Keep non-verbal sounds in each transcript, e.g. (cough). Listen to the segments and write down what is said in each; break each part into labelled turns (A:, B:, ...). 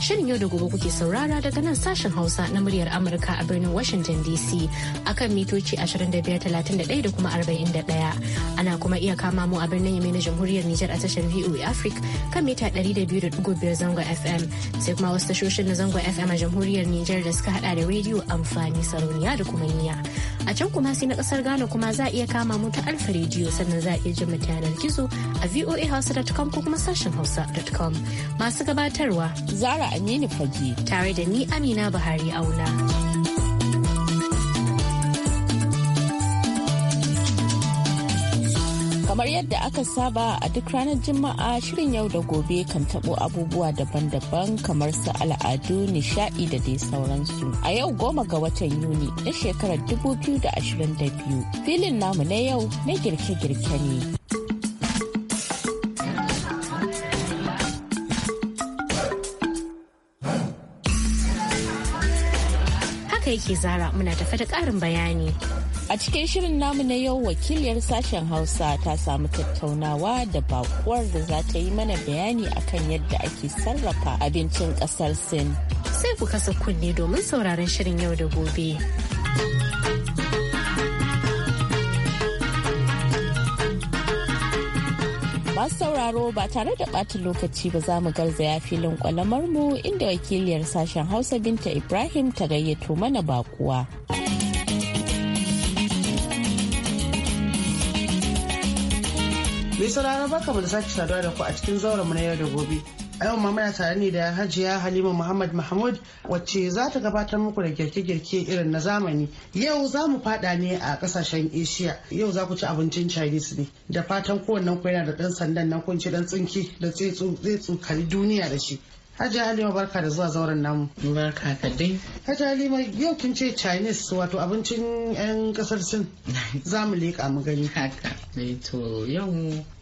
A: Shirin yau da gobe kuke saurara daga nan sashen Hausa na muryar Amurka a birnin Washington DC akan mitoci 2531 da kuma 41. Ana kuma iya kama mu a birnin Yemen na Jamhuriyar Nijar a tashar VOA Africa kan mita 200.5 zango FM sai kuma wasu tashoshin na zango FM a Jamhuriyar Nijar da suka hada da rediyo amfani sarauniya da kuma niya. A can kuma sai na kasar Ghana kuma za a iya kama mu ta alfa rediyo sannan za a iya jin yanar gizo a voahausa.com ko kuma sashen hausa.com masu gabatarwa. Zara aminu fage tare da ni amina buhari auna
B: kamar yadda aka saba a duk ranar juma'a shirin yau da gobe kan tabo abubuwa daban-daban kamar su al'adu nishaɗi, da dai sauransu a yau goma ga watan yuni na shekarar 2022 filin namu na yau na girke-girke ne
A: ke zara muna tafe da ƙarin bayani. A cikin shirin namu
B: na yau wakiliyar sashen Hausa ta samu tattaunawa da bakuwar da za ta yi mana bayani akan yadda ake sarrafa abincin ƙasar Sin. Sai ku kasa kunne
A: domin sauraron shirin yau da gobe. masu sauraro ba tare da
B: bata lokaci ba za mu garzaya filin kwalamar mu inda wakiliyar sashen hausa binta ibrahim ta gayyato mana bakuwa.
C: Mai sauraron baka mu da sake saduwa da ku a cikin zauren mu na yau da gobe. A yau ma muna tare ne da Hajiya Halima Muhammad Mahmud wacce za ta gabatar muku da girke-girke irin na zamani. Yau za mu fada ne a kasashen Asia. Yau za ku ci abincin Chinese ne. Da fatan kowannen ku yana da dan sandan nan kun ci dan tsinki da zai tsukali duniya da shi. Hajiya Halima barka da zuwa zauren namu. Barka ka dai. Hajiya Halima yau kin ce Chinese wato abincin 'yan kasar Sin. (laughs) Za mu leƙa mu gani. Haka. Eh, to yau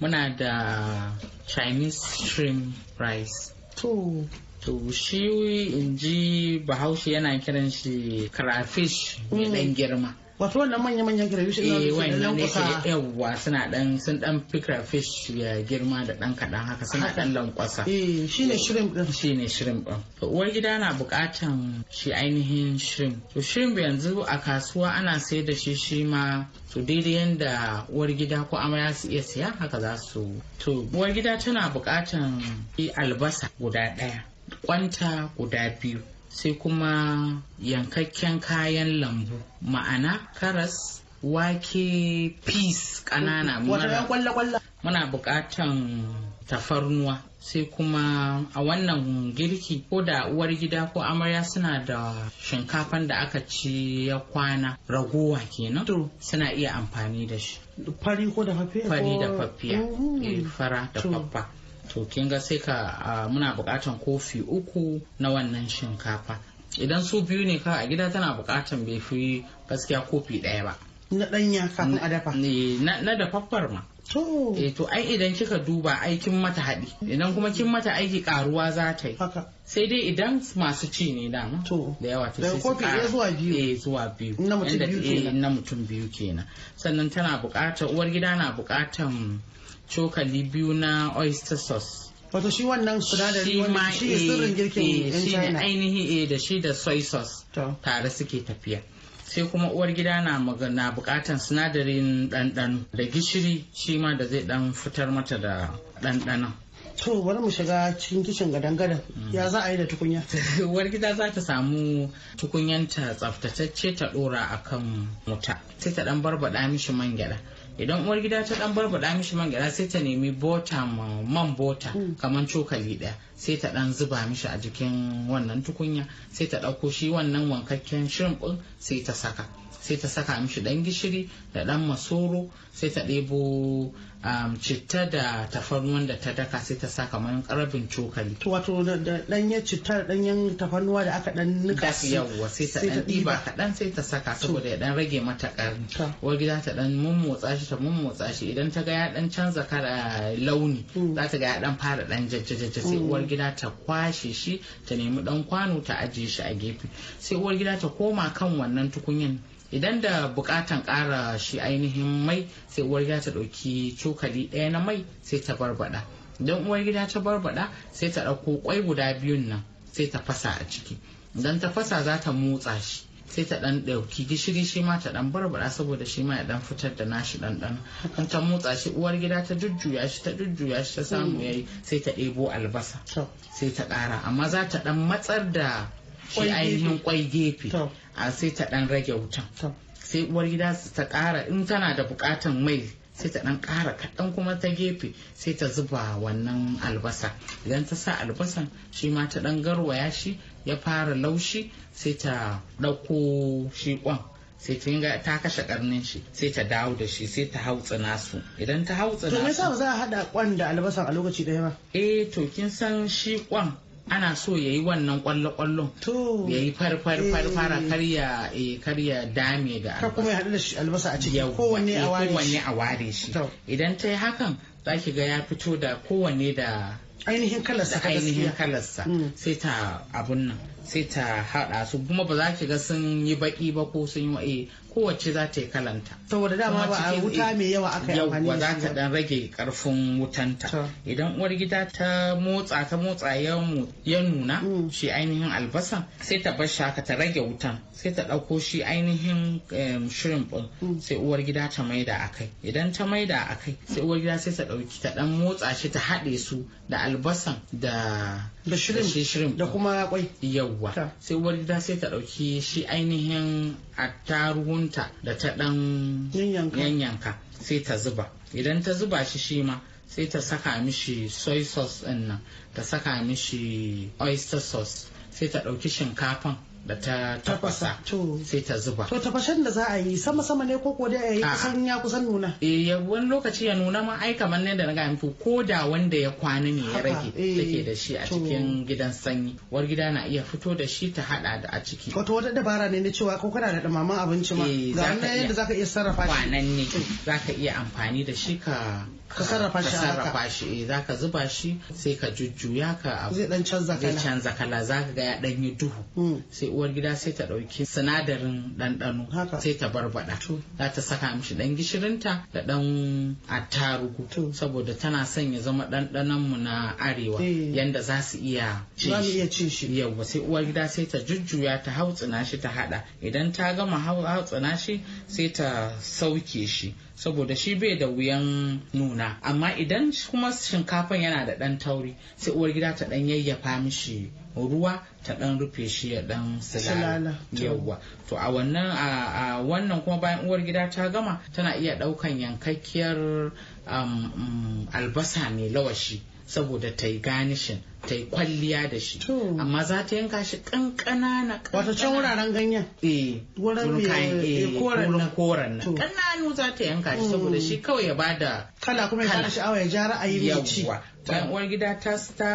C: muna da Chinese
D: shrimp rice. To. To shi in ji Bahaushe yana kiran shi crayfish mai ɗan mm. girma. wato wannan manya-manyan eh, crayfish eh wani ne sai yawwa suna dan sun dan fikra fish ya girma da dan kadan haka suna dan lankwasa eh shine shrimp din shine shrimp din to uwar gida na bukatan shi ainihin shrimp to shrimp yanzu a kasuwa ana sayar da shi shi ma to daidai yanda uwar gida ko amaya su iya siya haka za su to uwar gida tana bukatan albasa guda daya kwanta guda biyu sai kuma yankakken kayan lambu ma'ana karas wake peas kanana
C: muna
D: buƙatan tafarnuwa sai kuma a wannan girki ko da uwar gida ko amarya suna da shinkafan da aka ci ya kwana ragowa kenan suna iya amfani da shi fari ko da fafiya eh, fara da fafa to kin ga sai ka muna bukatan kofi uku na wannan shinkafa idan su biyu ne ka a gida tana bukatan bai fi gaskiya kofi ɗaya ba na ɗanya kafin a dafa na dafaffar ma To. Eh to ai idan kika duba aikin mata haɗi idan kuma kin mata aiki karuwa za ta yi. Haka. Sai dai idan masu ci ne dama. To. Da yawa to sai su kofi ɗaya zuwa biyu. Eh zuwa biyu. Na mutum biyu kenan. Eh, na mutum biyu kenan. Sannan tana buƙatar uwar gida na buƙatar cokali biyu na oyster sauce
C: wato shi wannan sinadari wani shi ne sirrin eh, girkin eh, Shi china
D: ainihi e da shi da soy sauce tare suke tafiya sai kuma uwar gida na magana bukatan sinadarin ɗanɗano da gishiri shi ma da zai ɗan fitar mata da ɗanɗano. to bari mu shiga
C: cikin kishin gadan gadan
D: ya za a yi da tukunya (laughs) uwar gida za ta samu tukunyanta tsaftatacce ta dora akan wuta sai ta ɗan barbaɗa mishi man gyada idan uwar gida ta dan barbaɗa mishi man gyaɗa sai ta nemi bota man bota mm. kamar cokali ɗaya sai ta dan zuba mishi a jikin wannan tukunya sai ta ɗauko shi wannan wankakken shrimp sai ta saka sai ta saka mishi dan gishiri da dan masoro sai ta ɗebo um, citta da tafarnuwan da ta daka sai ta saka
C: kamar karabin cokali wato da danyen citta da danyen tafarnuwa da aka dan nika su yawwa sai ta dan ɗiba kaɗan sai ta saka saboda ya dan
D: rage mata ƙarni
C: wa gida ta dan
D: mummotsa shi ta mummotsa shi idan ta ga ya dan canza kara launi mm. za ta ga ya dan fara dan jajjajajja sai mm. uwar gida ta kwashe shi ta nemi dan kwano ta ajiye shi a gefe sai uwar gida ta koma kan wannan tukunyan idan da bukatan ƙara shi ainihin mai sai uwar gida ta ɗauki cokali ɗaya na mai sai ta barbada idan uwar gida ta barbada sai ta ɗauko kwai guda biyun nan sai ta fasa a ciki don ta fasa za ta motsa shi sai ta dan dauki gishiri shi ma ta dan barbaɗa saboda shi ma ya dan fitar da nashi ɗanɗano in ta motsa shi uwar gida ta jujjuya shi ta jujjuya shi ta samu mm. yayi sai ta ɗebo albasa sai ta ƙara amma za ta dan matsar da shi ainihin kwai gefe a sai ta dan rage wutan sai uwar gida ta kara in tana da bukatan mai sai ta dan kara kaɗan kuma ta gefe sai ta zuba wannan albasa idan ta sa albasan shi ma ta dan garwaya shi ya fara laushi sai ta ɗauko shi kwan sai ta yi ta kashe karnin shi sai ta dawo da shi sai ta tsina su idan ta tsina su to me yasa
C: za a hada kwan da albasan a lokaci daya ba eh to kin san
D: shi kwan ana so ya yi wannan kwallo kwallon ya yi fara fara eh. fara karya eh, karya dame da albasa kuma ya a ciki kowanne eh, a ware shi idan ta yi hakan za ki ga ya fito da kowanne da ainihin kalarsa ainihin kalarsa mm. sai ta abun nan sai ta haɗa su kuma ba za ki ga sun yi baki ba ko sun yi kowace za ta yi kalanta saboda dama ba a wuta
C: mai yawa aka yi amfani da za ta dan
D: rage karfin wutanta idan uwar gida ta motsa ta motsa ya nuna mm. shi ainihin albasa sai ta bar shaka ta rage wutan sai ta ɗauko shi ainihin shrimp ɗin mm. sai uwar gida ta maida akai idan ta maida akai sai uwar gida sai ta ɗauki ta dan motsa shi ta haɗe su da albasan da da shrimp da kuma kwai yawwa sai uwar gida sai ta ɗauki shi ainihin attaruhunta da ta ɗan yanyanka sai ta zuba idan ta zuba shi shi ma sai ta saka mishi soy sauce ɗin nan ta saka mishi oyster sauce sai ta ɗauki shinkafan da ta tafasa sai ta zuba to
C: tafashen da za a yi sama sama ne ko kodai a yi kusan ya
D: kusan nuna eh wani lokaci ya nuna ma ai kamar ne da na gani ko da wanda ya kwana ne ya rage eh. take da shi a cikin gidan sanyi war gida na iya fito da shi ta hada da a ciki
C: wato wata dabara ne na cewa ko kana da mama abinci ma eh, ga yadda zaka
D: iya sarrafa shi kwanan ne zaka iya amfani da shi ka ka sarrafa shi sarrafa shi eh, za ka zuba shi sai ka jujjuya ka zai dan canza kala zai canza kala za ka ga ya dan yi duhu hmm. sai uwar gida sai ta dauki sinadarin ɗanɗano sai ta barbada za ta saka mishi dan gishirinta da dan attarugu saboda tana son ya zama ɗanɗanon mu na arewa eh. yanda za su iya ci shi yawa sai uwar gida sai ta jujjuya ta hautsina shi ta hada idan ta gama hautsina shi sai ta sauke shi saboda shi bai da wuyan nuna amma idan kuma shinkafan yana da ɗan tauri sai uwar gida ta ɗan yayyafa mishi ruwa ta ɗan rufe shi ya ɗan silala yawwa to a wannan a wannan kuma bayan uwar gida ta gama tana iya ɗaukan yankakkiyar mm, albasa mai lawashi saboda ta yi ganishin ta yi kwalliya da shi amma za ta yanka shi kankana na wato can
C: wuraren ganyen eh wurin eh, eh, koren nan kananu za ta yanka shi mm. saboda shi kawai ya bada kala kuma ya bada sha'awa ya ja ra'ayi mai ci dan mm. uwar gida
D: ta ta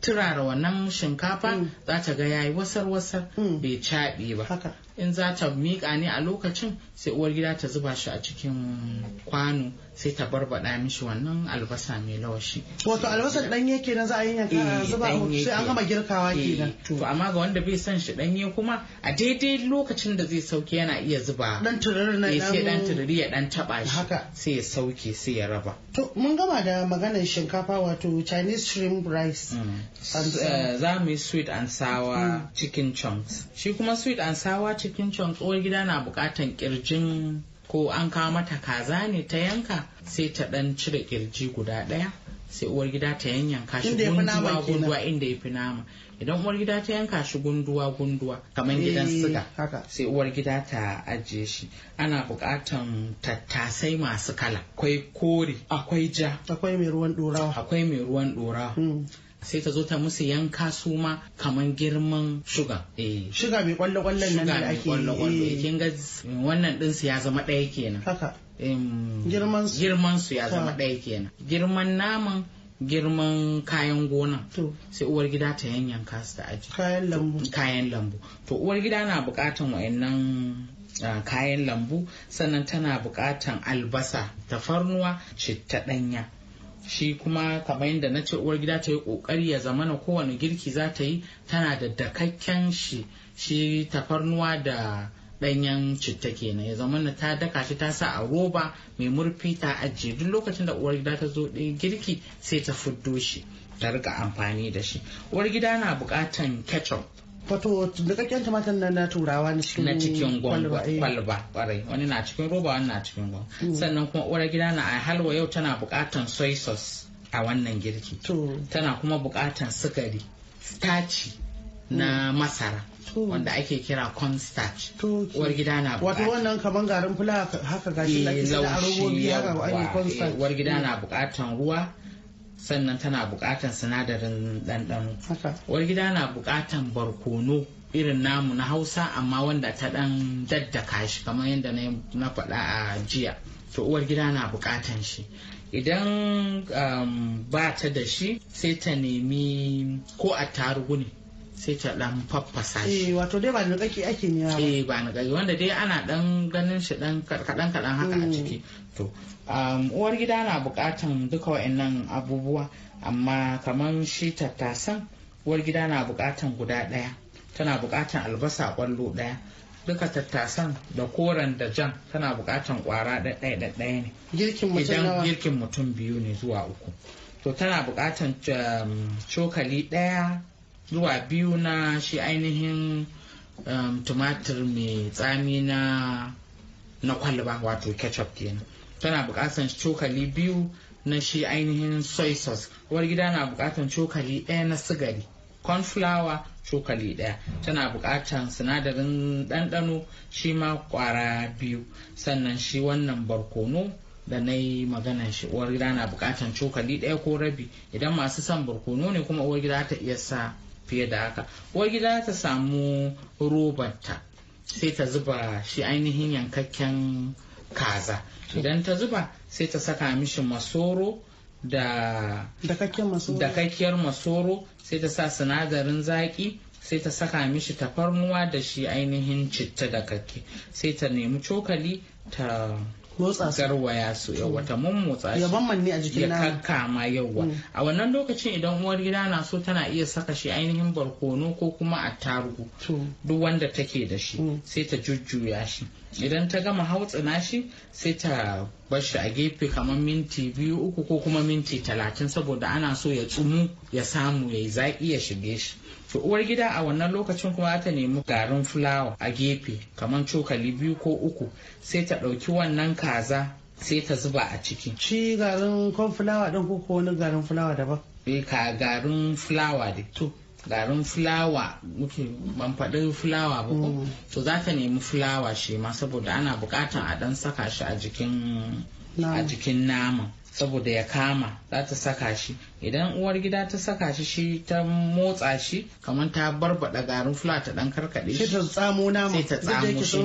D: turara wannan shinkafa mm. za ta ga yayi wasar wasar mm. bai caɓe ba in za ta miƙa ne a lokacin sai uwar gida ta zuba shi a cikin kwano sai ta barbada mishi wannan albasa mai lawashi.
C: Wato albasar danye kenan za a yi yanka eh, zuba sai an gama girkawa eh, kenan.
D: To amma ga wanda bai son shi danye kuma a daidai lokacin da zai sauke yana iya zuba. Dan tururi na eh, ɗan. Sai dan tururi ya dan taɓa shi. Sai ya sauke sai ya raba.
C: To mun gama da maganar shinkafa wato chinese shrimp rice mm. uh,
D: za mu yi sweet and sour mm. chicken chunks shi kuma sweet and sour chicken chunks uwar gida na bukatan kirjin ko an kawo mata kaza ne ta yanka sai ta ɗan cire kirji guda ɗaya. sai uwar gida ta yanyanka shi gunduwa gunduwa inda ya fi nama idan uwar gida ta yanka shi gunduwa gunduwa kamar eh, gidan suga sai uwar gida ta ajiye shi ana bukatan tattasai masu kala akwai kore akwai ja akwai mai ruwan dorawa akwai mai ruwan dorawa hmm. sai ta zo ta musu yanka su ma kamar girman shuga. Eh. Shuga mai kwallo-kwallon nan da ake. yi. wannan ɗinsu ya zama ɗaya kenan. girman su ya zama ɗaya kenan girman naman girman kayan gona sai uwar gida ta yanyan kasu ta aji kayan lambu kayan lambu to uwar gida na bukatan wayannan ah, kayan lambu sannan tana bukatan albasa ta tafarnuwa citta ɗanya shi kuma kamar yadda na ce uwar gida ta yi kokari ya zamana kowane girki za ta yi tana da dakakken shi shi tafarnuwa da ɗanyen citta kenan ya zama na ta daka shi ta sa a roba mai murfi ta ajiye duk lokacin da uwar gida ta zo ɗaya girki sai ta fuddo shi ta rika amfani da shi uwar gida na buƙatan ketchup wato dukakken tumatir na na turawa na cikin na cikin kwalba eh. kwarai wani na cikin roba wani na cikin gwangwa mm. sannan kuma uwar gida na a halwa yau tana buƙatan soy sauce a wannan girki tana kuma buƙatan sukari starch na mm. masara wanda ake kira cornstarch uwar gida na bukata wato
C: wannan kaman garin fula haka gashi da ake da arobobi haka ake cornstarch uwar gida na
D: hmm. bukatan ruwa sannan tana bukatan sinadarin ɗanɗano uwar gida na bukatan barkono irin namu na hausa amma wanda ta ɗan daddaka shi kamar yadda na faɗa a jiya to uwar gida na bukatan shi idan um, ba ta da shi sai ta nemi ko a tarugu ne sai ta dan faffasa
C: shi. Eh wato dai ba na
D: kake ake ne ba. Eh ba na kake wanda dai ana dan ganin shi dan kadan kadan haka a mm. ciki. To um, uwar gida na bukatan duka wa'annan abubuwa amma kamar shi tattasan uwar gida na bukatan guda daya tana bukatan albasa kwallo daya duka tattasan da koren da jan tana bukatan kwara ɗaya da ɗaya ne. Girkin mutum Idan girkin mutum biyu ne zuwa uku. To tana bukatan um, cokali ɗaya zuwa biyu na shi ainihin um, tumatir mai tsami na na kwalba wato ketchup kenan tana bukatar cokali biyu na shi ainihin soy sauce uwar gida na bukatar cokali ɗaya na sigari cornflour cokali ɗaya tana bukatar sinadarin ɗanɗano shi ma kwara biyu sannan shi wannan barkono da na yi magana shi uwar gida na bukatan cokali ɗaya ko rabi idan masu son barkono ne kuma uwar gida ta iya sa fiye da haka wai gida ta samu robanta sai ta zuba shi ainihin yankakken kaza idan ta zuba sai ta saka mishi masoro da kakkiyar masoro sai ta sa sinadarin zaki sai ta saka mishi tafarnuwa da shi ainihin citta da kake sai ta nemi cokali ta motsa su garwaya su yawa ta motsa shi ya bammanne a jikin ya kakkama yawa mm. a wannan lokacin idan uwar gida na so tana iya saka shi ainihin barkono ko kuma attarugu duk wanda take da shi mm. sai ta jujjuya shi idan ta gama hautsina shi sai ta bar shi a gefe kamar minti biyu uku ko kuma minti talatin saboda ana so ya tsumu ya samu ya yi zaƙi ya shige shi to uwar gida a wannan lokacin kuma ta nemi garin fulawa a gefe kamar cokali biyu ko uku sai ta ɗauki wannan kaza sai ta zuba a ciki shi garin kon fulawa ɗin ko wani garin fulawa daban eh ka garin fulawa dai to garin fulawa muke ban faɗi fulawa ba ko mm. to za ka nemi fulawa shi ma saboda ana buƙatar a ɗan saka shi a jikin a jikin nama. saboda ya kama za ta saka shi idan uwar gida ta saka shi shi ta motsa shi kamar ta barbada garin fula ta dan karkade shi ta
C: tsamo nama sai ta tsamo shi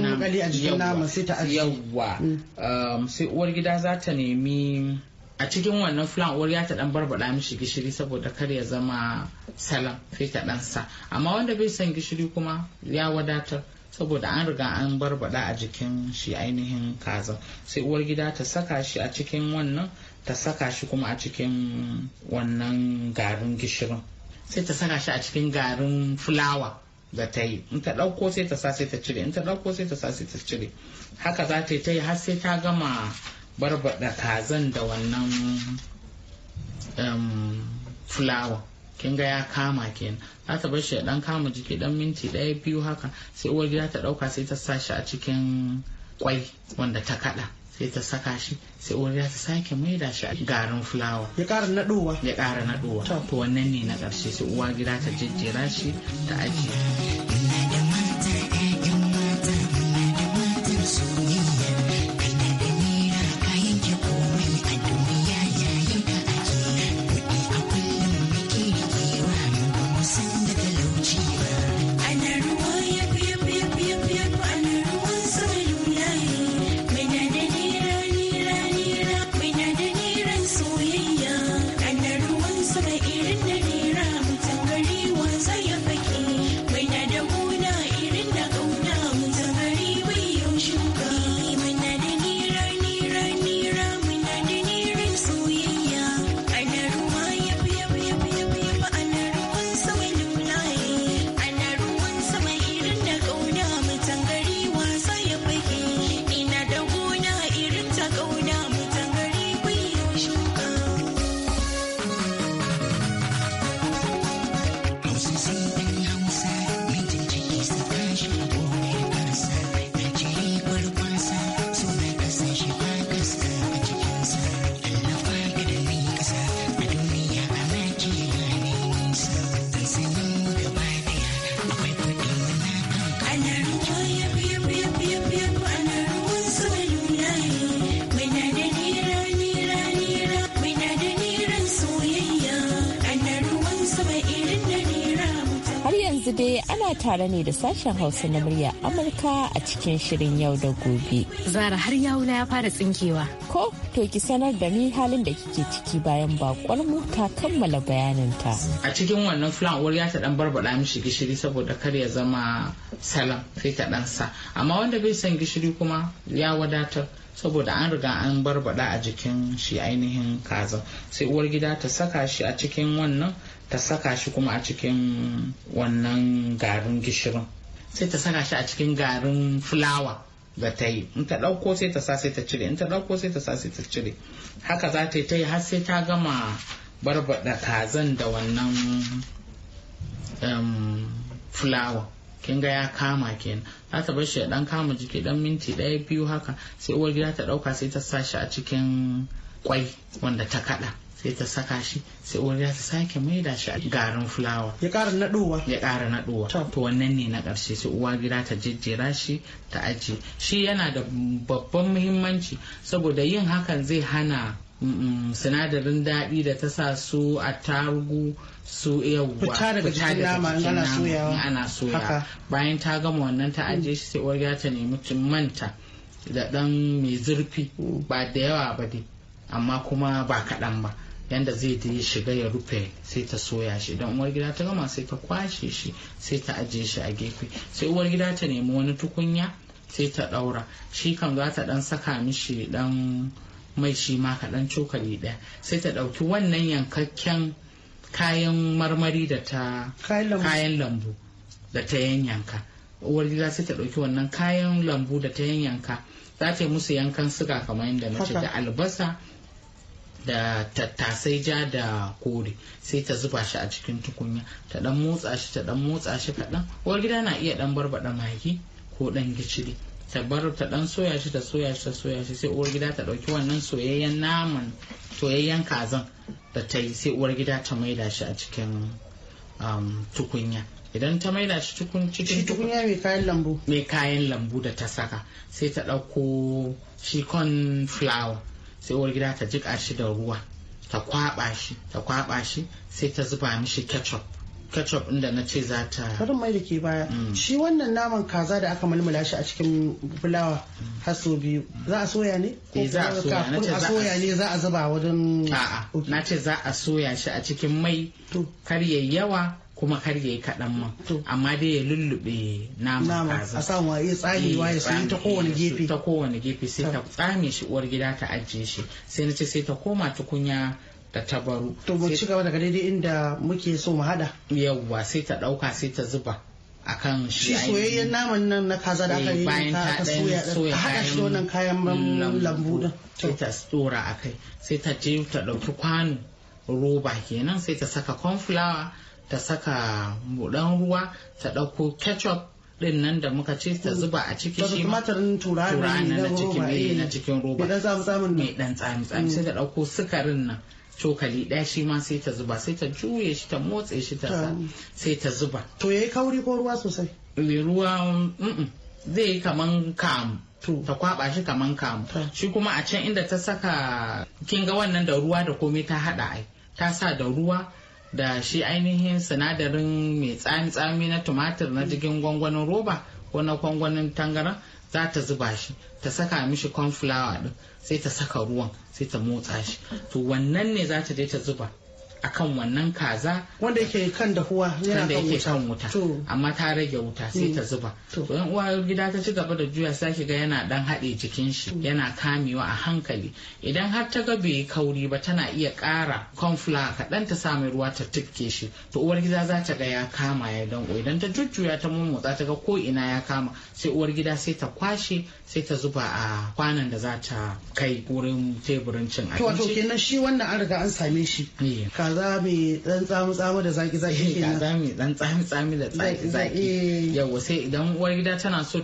C: nama sai ta ajiye yawwa mm. um,
D: sai uwar gida za ta nemi a cikin wannan flan uwar ya ta dan barbada mishi gishiri saboda kar ya zama salam sai ta dan sa amma wanda bai san gishiri kuma ya wadatar saboda an riga an barbada a jikin shi ainihin kaza sai uwar gida ta saka shi a cikin wannan ta saka shi kuma a cikin wannan garin gishirin sai ta saka shi a cikin garin fulawa da ta yi in ta ɗauko sai ta sa sai ta cire in ta ɗauko sai ta sa sai ta cire haka za ta yi ta yi har sai ta gama barbada kazan da wannan fulawa kin ga ya kama kenan za ta bar shi dan kama jiki dan minti daya biyu haka sai uwar gida ta ɗauka sai ta sa shi a cikin kwai wanda ta kaɗa sai ta saka shi sai uwar gida ta sake maida shi a garin fulawa ya kara naduwa ya kara naduwa to wannan ne na ƙarshe sai uwa gida ta jejjera shi ta ajiye
B: yanzu dai ana tare ne da sashen hausa na murya amurka a cikin shirin yau da gobe zara har yawuna ya fara tsinkewa ko to ki sanar da ni halin da kike ciki bayan bakwar mu ta kammala bayaninta
D: a cikin wannan fulan uwar ya ta dan barbada mishi gishiri saboda kar ya zama salam sai ta dan sa amma wanda bai san gishiri kuma ya wadatar saboda an riga an barbada a jikin shi ainihin kaza sai uwar gida ta saka shi a cikin wannan ta saka shi kuma a cikin wannan garin gishirin sai ta saka shi a cikin garin fulawa da ta yi in ta ɗauko sai ta sa sai ta cire in ta ɗauko sai ta sa sai ta cire haka za ta yi ta yi har sai ta gama barbaɗa kazan da wannan fulawa kin ga ya kama kenan za ta bar shi ya ɗan kama jiki dan minti ɗaya biyu haka sai uwar gida ta ɗauka sai ta sa shi a cikin kwai wanda ta kaɗa sai ta saka shi sai uwar gida ta sake maida shi a garin fulawa ya ƙara naɗuwa. ya ƙara naɗuwa. to wannan ne na ƙarshe sai uwa gida ta jejjera shi ta ajiye shi yana da babban muhimmanci saboda yin hakan zai hana sinadarin daɗi da ta sa su a tarugu su yawwa fita daga cikin nama ana soyawa soya bayan ta gama wannan ta ajiye shi sai uwar gida ta nemi manta da ɗan mai zurfi mm. ba da yawa ba dai amma kuma ba kaɗan ba yanda zai ta shiga ya rufe sai ta soya shi don uwar gida ta gama sai ta kwashe shi sai ta ajiye shi a gefe sai uwar gida ta nemi wani tukunya sai ta daura shi kan za ta dan saka mishi dan mai shi ma kaɗan cokali ɗaya sai ta ɗauki wannan yankakken kayan marmari da ta kayan lambu da ta yanyanka uwar gida sai ta ɗauki wannan kayan lambu da ta yanyanka za ta yi musu yankan suga kamar yadda na ce da albasa da tattasai ja da kore sai ta zuba shi a cikin tukunya ta dan motsa shi ta dan motsa shi kaɗan uwar gida na iya dan barbaɗa magi ko dan gishiri ta bar ta dan soya shi ta soya shi ta soya shi sai uwar gida ta ɗauki wannan soyayyen naman soyayyen kazan da ta yi sai uwar gida ta maida shi a cikin um, tukunya idan ta maida shi cikin tukunya mai kayan lambu mai kayan lambu da ta saka sai ta ɗauko shi corn flour sai uwar gida ta jiƙa shi da ruwa ta kwaba shi ta kwaba shi sai ta zuba
C: mishi ketchup ketchup inda na ce za ta karin mai da ke baya mm. shi wannan naman kaza da aka mulmula shi a cikin fulawa mm. haso biyu za a soya ne ko eh, za a soya ne a soya ne za a zuba wajen a'a na
D: ce za a soya shi a cikin mai kar yayi yawa kuma kar yayi kaɗan ma amma dai ya lullube naman kaza a samuwa ya eh, wa ya sai ta kowane gefe ta kowane gefe sai ta tsame shi uwar gida ta ajiye shi sai na ce sai ta koma tukunya da tabaru to mu ci gaba daga daidai inda muke so mu hada yawwa sai ta dauka sai ta zuba akan shi soyayyen
C: naman nan na kaza da aka eh, yi bayan ta soya hada shi wannan
D: kayan lambu din sai ta tsora akai sai ta je ta dauki kwano roba kenan sai ta saka corn ta saka buɗan ruwa ta ɗauko ketchup din nan da muka ce ta zuba a ciki shi ma
C: turani na cikin mai eh, na cikin roba mai
D: dan tsami tsami sai ta mm. ɗauko sukarin nan cokali ɗaya shi ma sai ta zuba sai ta juye shi ta motse shi ta sa sai ta zuba to yayi kauri ko ruwa sosai ruwa zai yi kaman kamu ta kwaba shi kaman kamu shi kuma a can inda ta saka kinga wannan da ruwa da komai ta haɗa ai ta sa da ruwa da shi ainihin sinadarin mai tsami-tsami na tumatir na jigin gwangwanin roba ko na gwangwanin tangaran za ta zuba shi ta saka mishi corn flour din sai ta saka ruwan sai ta motsa shi to wannan ne za ta je ta zuba akan wannan kaza wanda yake kan dahuwa
C: yana kan
D: wuta wuta amma ta rage wuta sai hmm. ta zuba to yan uwa gida ta ci gaba da juya sake ga yana dan haɗe jikin shi hmm. yana kamewa a hankali idan har ta ga bai kauri ba tana iya kara cornflour kaɗan ta samu ruwa ta tikke shi to uwar gida za ta ga ya kama ya danko idan ta jujjuya ta mummutsa ta ga ko ina ya kama sai uwar gida sai ta kwashe sai ta zuba a kwanan da za ta kai wurin teburin cin abinci. To Wato kenan
C: shi wannan an riga an same shi. Eh. kaza mai dan tsami tsami da zaki eh, zaki kenan kaza mai dan tsami-tsami da zaki zaki yawa sai idan uwar gida tana
D: so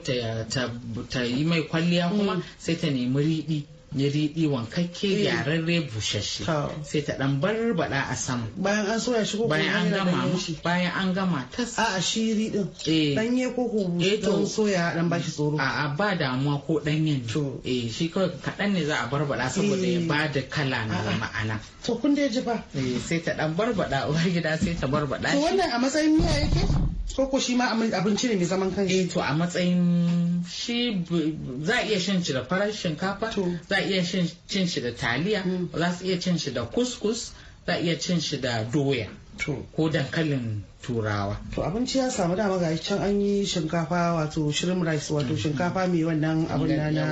D: ta yi mai kwalliya kuma mm. sai ta nemi riɗi ya riɗi wankakke eh. gyararre bushashe sai ta dan barbada a sama bayan an soya shi ko bayan an gama bayan an gama tas a a shi riɗin eh danye
C: ko ko don eh
D: soya dan bashi tsoro a a ba damuwa ko yin. to eh shi kawai kaɗan ne za a barbada saboda ya eh. bada kala na ma'ana to kun da ji ba sai ta dan barbada uwar gida sai
C: ta barbada to wannan a matsayin miya yake ko ko shi ma abinci ne mai zaman kanshi eh to a matsayin shi za iya shan shi da farar shinkafa za iya cin shi
D: da taliya hmm. za su iya cin shi da kuskus za a iya cin shi da doya
C: ko dankalin turawa to abinci ya samu dama ga can an yi shinkafa wato shrimp rice wato hmm. shinkafa mai wannan abin na na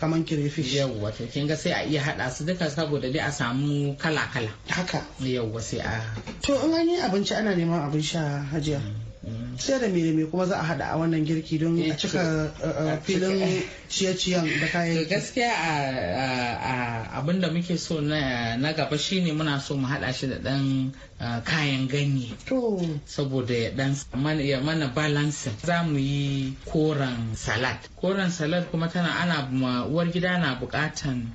C: kaman crayfish yawwa to kin ga sai a iya
D: hada su duka saboda dai a samu kala kala haka yawwa sai a
C: to in an yi abinci ana neman abin sha hajiya hmm. sai da me kuma za a hada a wannan girki don eh, eh, eh, a cika filin ciye-ciyen da kayan gaskiya
D: abin da muke so na gaba shine muna so mu hada shi da dan kayan ganye saboda ya dan ya mana balansin. za mu yi koren salad koren salad kuma tana ana uwar gida na bukatan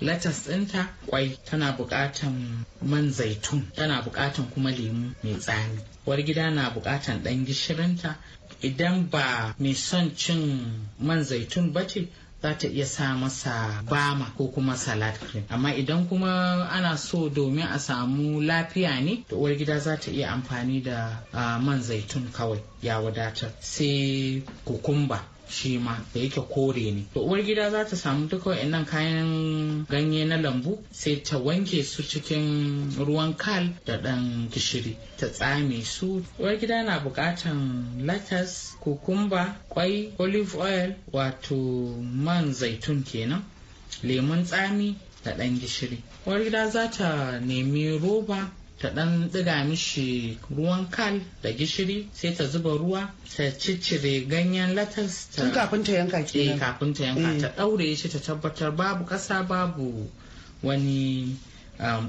D: latas dinta kwai tana bukatan man zaitun tana bukatan kuma lemu mai tsami uwar gida na bukatan ɗan gishirinta idan ba mai son cin man zaitun ba ce za ta iya sa masa bama ko kuma salad cream amma idan kuma ana so domin a samu lafiya ne to uwar gida za ta iya amfani da ah, man zaitun kawai ya wadatar sai kukumba shi ma da yake kore ne to uwar gida za ta samu duka wa'annan kayan ganye na lambu sai ta wanke su cikin ruwan kal da ɗan gishiri ta tsame su uwar gida na buƙatan latas kukumba kwai olive oil wato man zaitun kenan lemun tsami da ɗan gishiri uwar gida za ta nemi roba ta ɗan diga mishi ruwan kal da gishiri sai ta zuba ruwa ta ciccire ganyen latas ta kafin ta yanka ke eh, kafin ta yanka ta eh. daure shi ta tabbatar babu ƙasa babu wani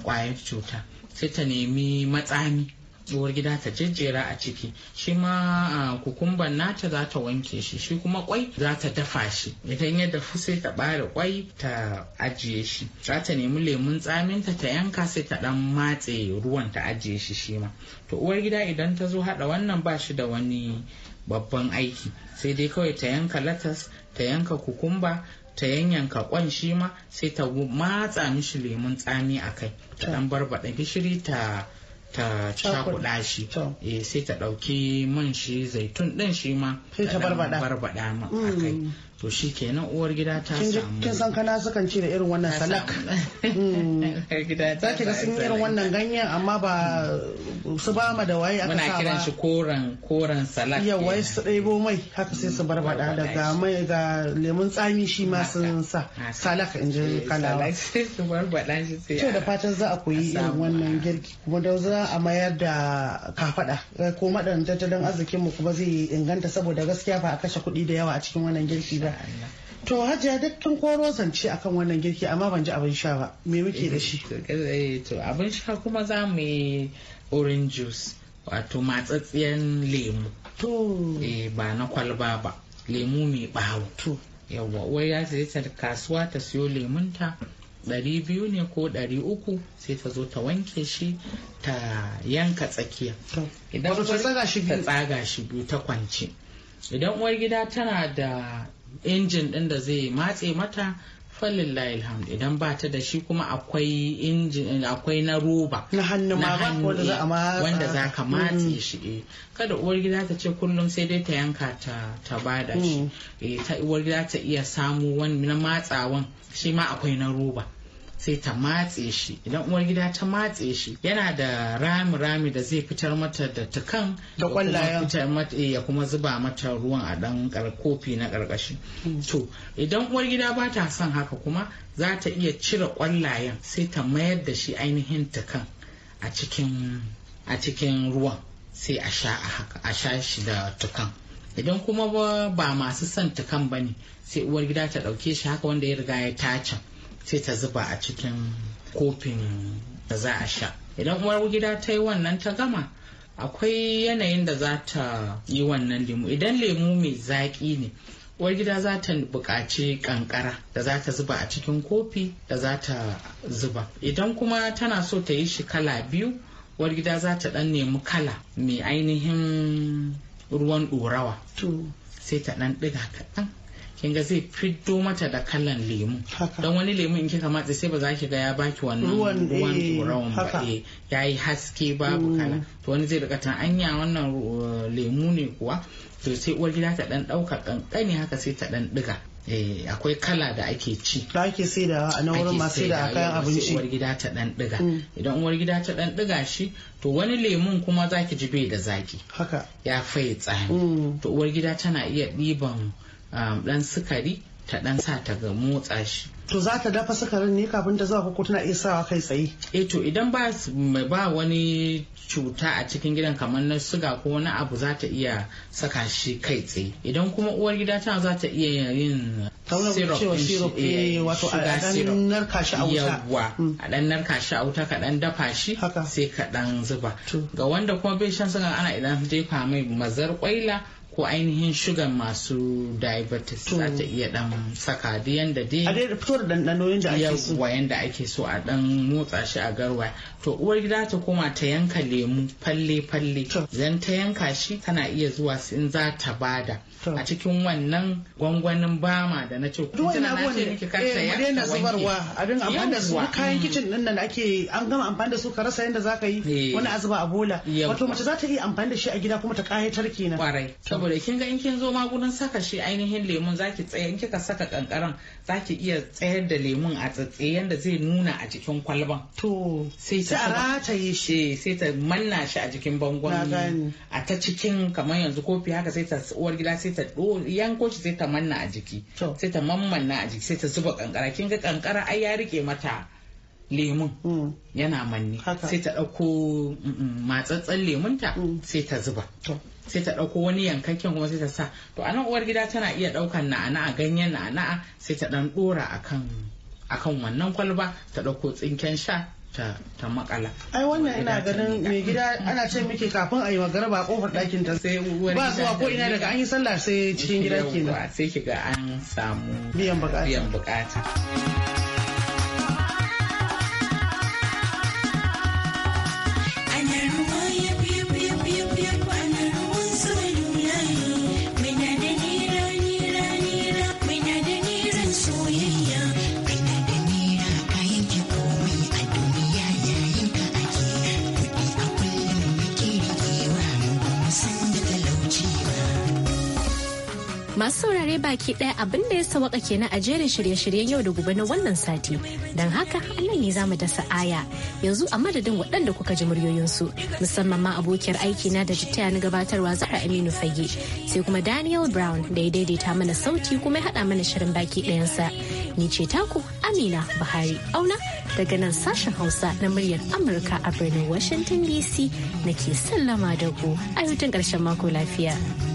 D: kwayar um, cuta sai ta nemi matsami tsohuwar gida ta jejjera a ciki shi ma kukumban nata za ta wanke shi shi kuma kwai za ta dafa shi idan ya dafu sai ta bare kwai ta ajiye shi za ta nemi lemun tsaminta ta yanka sai ta dan matse ruwan ta ajiye shi shi ma to uwar gida idan ta zo hada wannan ba shi da wani babban aiki sai dai kawai ta yanka latas ta yanka kukumba ta yanyanka kwan shi ma sai ta matsa mishi lemun tsami a kai ta dan barbaɗa gishiri ta ta cakuɗa shi eh sai ta ɗauki man shi zaitun ɗin shi ma sai ta barbada ma mm.
C: akai to shi kenan uwar gida ta samu kin san kana sukan ce da irin wannan salak hmm. (laughs) zaki ga sun irin wannan ganyen amma ba su ba ma da waye aka sa ba muna kiran shi koren koran salak ya wai su ɗebo mai haka sai su barbada da ga mai ga lemun tsami shi ma sun sa salak in ji kalawa (laughs) su
D: barbada shi sai da
C: fatan za a koyi irin wannan girki kuma da za a mayar da kafada eh, ko madan tattalin arzikin mu kuma zai inganta saboda gaskiya ba a kashe kuɗi da yawa a cikin wannan girki ba to hajiya duk tun koro zance akan wannan girki amma ban ji abin sha ba me muke da
D: shi eh, eh, to abin sha kuma za mu yi orange juice wato matsatsiyan lemu to eh ba na kwalba ba lemu mai bawo to yawwa wai ya sai ta kasuwa ta siyo lemunta ɗari biyu ne ko ɗari uku sai ta zo ta wanke shi ta yanka tsakiya idan ta tsaga shi biyu ta kwance idan uwar gida tana da injin ɗin da zai matse mata falillahi alhamdu idan ba ta da shi kuma akwai injin na roba na hannu ma eh, wanda za ka matse mm. shi eh. kada uwar gida ta ce kullum sai dai ta yanka ta ta da shi Uwargida mm. eh, ta uwar gida ta iya samu wani na matsawan shi ma akwai na roba sai ta matse shi idan uwar gida ta matse shi yana da rami rami da zai fitar mata da tukan da kwallayen eh, ya kuma zuba mata ruwan a dan kofi na karkashi hmm. to idan uwar gida ba ta son haka kuma za ta iya cire kwallayen sai ta mayar da shi ainihin tukan a cikin ruwan sai a sha a sha shi da tukan idan kuma ba masu son tukan ba ne sai uwar gida ta ɗauke shi haka wanda ya riga ya tacin. sai ta zuba a cikin kofin da za a sha idan uwar gida ta yi wannan ta gama akwai yanayin da za ta yi wannan lemu idan lemu mai zaƙi ne uwar gida za ta buƙaci ƙanƙara da za ta zuba a cikin kofi da za ta zuba idan kuma tana so ta yi shi kala biyu uwar gida za ta ɗan nemi kala mai ainihin ruwan ɗorawa sai ta ɗan ɗiga kaɗan kin ga zai fiddo mata da kalan lemu don wani lemu in kika matse sai ba za ki ga ya baki wannan ruwan brown. ba eh, ya yi haske babu mm. kala to wani zai rika tan anya wannan uh, lemu ne kuwa to sai uwar gida ta dan dauka kankani haka sai ta dan diga Eh, akwai kala da ake ci da ake da a nan wurin masu da kayan abinci uwar gida ta dan diga mm. idan uwar gida ta dan diga shi to wani lemun kuma zaki ji bai da zaki haka ya faye tsami mm. to uwar gida tana iya ɗiban dan um, sukari ta dan sa ta ga motsa shi to za ta dafa sukarin ne kafin ta zuwa ko tana iya sawa kai tsaye E to idan ba ba wani cuta a cikin gidan kamar na suga ko wani abu za ta iya saka shi kai tsaye idan kuma uwar gida tana za ta iya yin eh, eh, a dan narka shi a wuta yawa hmm. narka shi a wuta ka dafa shi sai ka zuba ga wanda kuma bai shan suga ana idan jefa mai mazar kwaila ko ainihin shugan masu diabetes za ta iya dan saka da yanda dai a dai fito da dandano yanda ake so ake so a dan motsa shi a garwa to uwar gida ta koma ta yanka lemu falle falle zan ta yanka shi tana iya zuwa in za ta bada a cikin wannan gwangwanin bama da na ce kuma na ce miki kar ta eh, yanka kayan
C: din mm. nan ake an gama ka rasa yanda zaka yi eh. wani azuba ta iya amfani shi a gida kuma ta kayatar kenan kwarai saboda kin ga in kin zo ma saka shi ainihin
D: lemun zaki tsaya in kika saka kankaran zaki iya tsayar da lemun a tsatse yanda zai nuna a jikin kwalban to sai ta yi shi eh, sai ta manna shi a jikin bangon a ta cikin kamar yanzu kofi haka sai ta uwar gida sai ta yanko shi sai ta manna a jiki sai ta mammanna a jiki sai ta zuba kankara kin ga kankara ai ya rike mata lemun mm. yana manne sai ta ɗauko mm, mm, matsatsen lemunta sai ta zuba sai ta ɗauko wani yankakken kuma sai ta sa to a nan uwar gida tana iya ɗaukan a ganyen na'ana sai ta ɗan ɗora akan kan wannan kwalba ta
C: ɗauko tsinken sha ta, makala. Ai wannan ina ganin mai gida ana ce miki kafin a yi ba kofar ɗakin ta sai ba zuwa ko ina daga an yi sallah sai cikin gida kenan. Sai ki ga an samu biyan bukata.
A: Masu saurare baki ɗaya abin da ya sawaka kenan a jerin shirye-shiryen yau da gobe na wannan sati. Don haka Allah ne zamu mu dasa aya yanzu a madadin waɗanda kuka ji muryoyinsu musamman ma abokiyar aiki na da taya na gabatarwa Zahra Aminu Fage sai kuma Daniel Brown da ya daidaita mana sauti kuma ya haɗa mana shirin baki ɗayansa. Ni ce taku Amina Buhari auna daga nan sashen Hausa na muryar Amurka a birnin Washington DC nake sallama da ku a hutun ƙarshen mako lafiya.